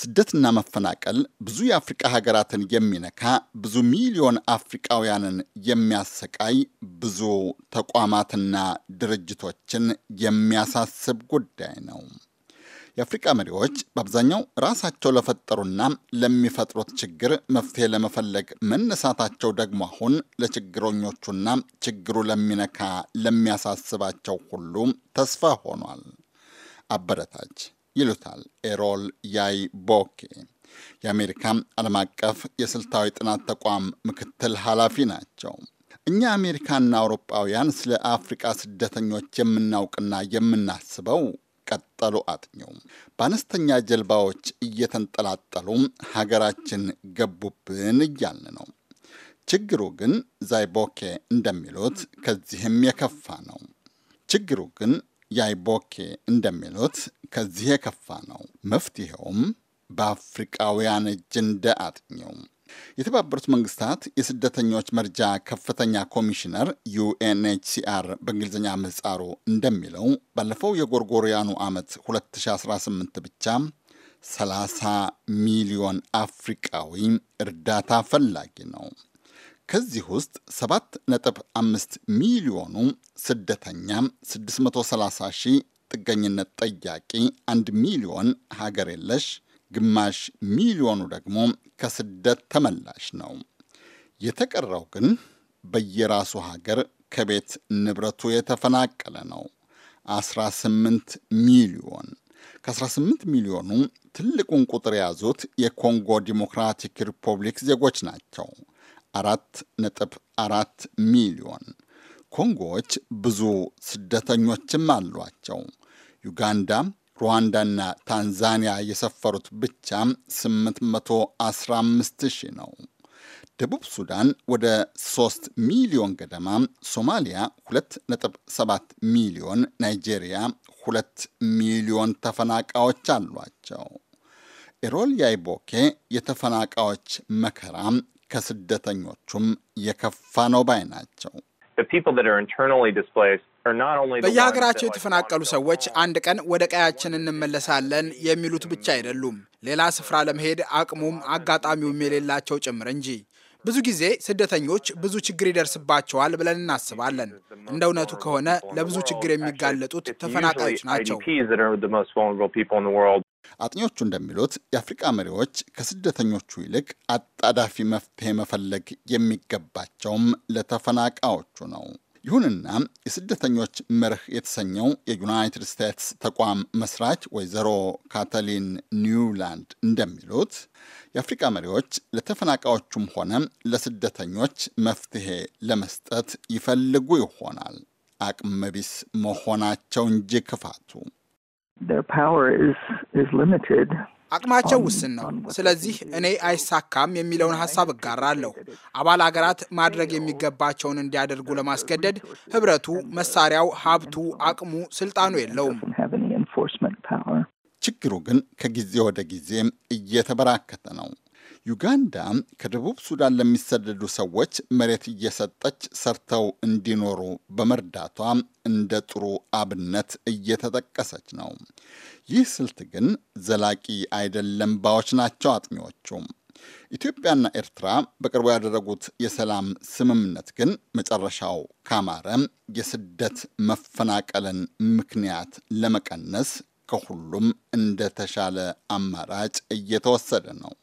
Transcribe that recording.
ስደትና መፈናቀል ብዙ የአፍሪቃ ሀገራትን የሚነካ ብዙ ሚሊዮን አፍሪቃውያንን የሚያሰቃይ ብዙ ተቋማትና ድርጅቶችን የሚያሳስብ ጉዳይ ነው። የአፍሪቃ መሪዎች በአብዛኛው ራሳቸው ለፈጠሩና ለሚፈጥሩት ችግር መፍትሄ ለመፈለግ መነሳታቸው ደግሞ አሁን ለችግረኞቹና ችግሩ ለሚነካ ለሚያሳስባቸው ሁሉ ተስፋ ሆኗል። አበረታች ይሉታል ኤሮል ያይ ቦኬ። የአሜሪካ ዓለም አቀፍ የስልታዊ ጥናት ተቋም ምክትል ኃላፊ ናቸው። እኛ አሜሪካና አውሮጳውያን ስለ አፍሪቃ ስደተኞች የምናውቅና የምናስበው ቀጠሉ አጥኚው በአነስተኛ ጀልባዎች እየተንጠላጠሉ ሀገራችን ገቡብን እያልን ነው። ችግሩ ግን ዛይቦኬ እንደሚሉት ከዚህም የከፋ ነው። ችግሩ ግን ያይቦኬ እንደሚሉት ከዚህ የከፋ ነው። መፍትሄውም በአፍሪቃውያን እጅ እንደ አጥኚው የተባበሩት መንግስታት የስደተኞች መርጃ ከፍተኛ ኮሚሽነር ዩኤንኤችሲአር በእንግሊዝኛ ምህጻሩ እንደሚለው ባለፈው የጎርጎሪያኑ ዓመት 2018 ብቻ 30 ሚሊዮን አፍሪቃዊ እርዳታ ፈላጊ ነው። ከዚህ ውስጥ 7.5 ሚሊዮኑ ስደተኛ፣ 630 ሺህ ጥገኝነት ጠያቂ፣ 1 ሚሊዮን ሀገር የለሽ፣ ግማሽ ሚሊዮኑ ደግሞ ከስደት ተመላሽ ነው። የተቀረው ግን በየራሱ ሀገር ከቤት ንብረቱ የተፈናቀለ ነው። 18 ሚሊዮን ከ18 ሚሊዮኑ ትልቁን ቁጥር የያዙት የኮንጎ ዲሞክራቲክ ሪፐብሊክ ዜጎች ናቸው። አራት ነጥብ አራት ሚሊዮን ኮንጎዎች ብዙ ስደተኞችም አሏቸው። ዩጋንዳ፣ ሩዋንዳና ታንዛኒያ የሰፈሩት ብቻ 815 ሺህ ነው። ደቡብ ሱዳን ወደ 3 ሚሊዮን ገደማ፣ ሶማሊያ 2.7 ሚሊዮን፣ ናይጄሪያ 2 ሚሊዮን ተፈናቃዮች አሏቸው። ኤሮል ያይቦኬ የተፈናቃዮች መከራ ከስደተኞቹም የከፋ ነው ባይ ናቸው። በየሀገራቸው የተፈናቀሉ ሰዎች አንድ ቀን ወደ ቀያችን እንመለሳለን የሚሉት ብቻ አይደሉም፣ ሌላ ስፍራ ለመሄድ አቅሙም አጋጣሚውም የሌላቸው ጭምር እንጂ። ብዙ ጊዜ ስደተኞች ብዙ ችግር ይደርስባቸዋል ብለን እናስባለን። እንደ እውነቱ ከሆነ ለብዙ ችግር የሚጋለጡት ተፈናቃዮች ናቸው። አጥኚዎቹ እንደሚሉት የአፍሪቃ መሪዎች ከስደተኞቹ ይልቅ አጣዳፊ መፍትሄ መፈለግ የሚገባቸውም ለተፈናቃዮቹ ነው። ይሁንና የስደተኞች መርህ የተሰኘው የዩናይትድ ስቴትስ ተቋም መስራች ወይዘሮ ካታሊን ኒውላንድ እንደሚሉት የአፍሪቃ መሪዎች ለተፈናቃዮቹም ሆነ ለስደተኞች መፍትሄ ለመስጠት ይፈልጉ ይሆናል አቅመቢስ መሆናቸው እንጂ ክፋቱ አቅማቸው ውስን ነው። ስለዚህ እኔ አይሳካም የሚለውን ሀሳብ እጋራለሁ። አባል ሀገራት ማድረግ የሚገባቸውን እንዲያደርጉ ለማስገደድ ህብረቱ፣ መሳሪያው፣ ሀብቱ፣ አቅሙ፣ ስልጣኑ የለውም። ችግሩ ግን ከጊዜ ወደ ጊዜ እየተበራከተ ነው። ዩጋንዳ ከደቡብ ሱዳን ለሚሰደዱ ሰዎች መሬት እየሰጠች ሰርተው እንዲኖሩ በመርዳቷ እንደ ጥሩ አብነት እየተጠቀሰች ነው። ይህ ስልት ግን ዘላቂ አይደለም ባዎች ናቸው አጥኚዎቹ። ኢትዮጵያና ኤርትራ በቅርቡ ያደረጉት የሰላም ስምምነት ግን መጨረሻው ካማረ የስደት መፈናቀልን ምክንያት ለመቀነስ ከሁሉም እንደተሻለ አማራጭ እየተወሰደ ነው።